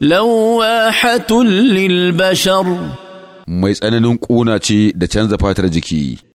لواحة للبشر ميس أنا ننقونا تي دا تنزا فاتر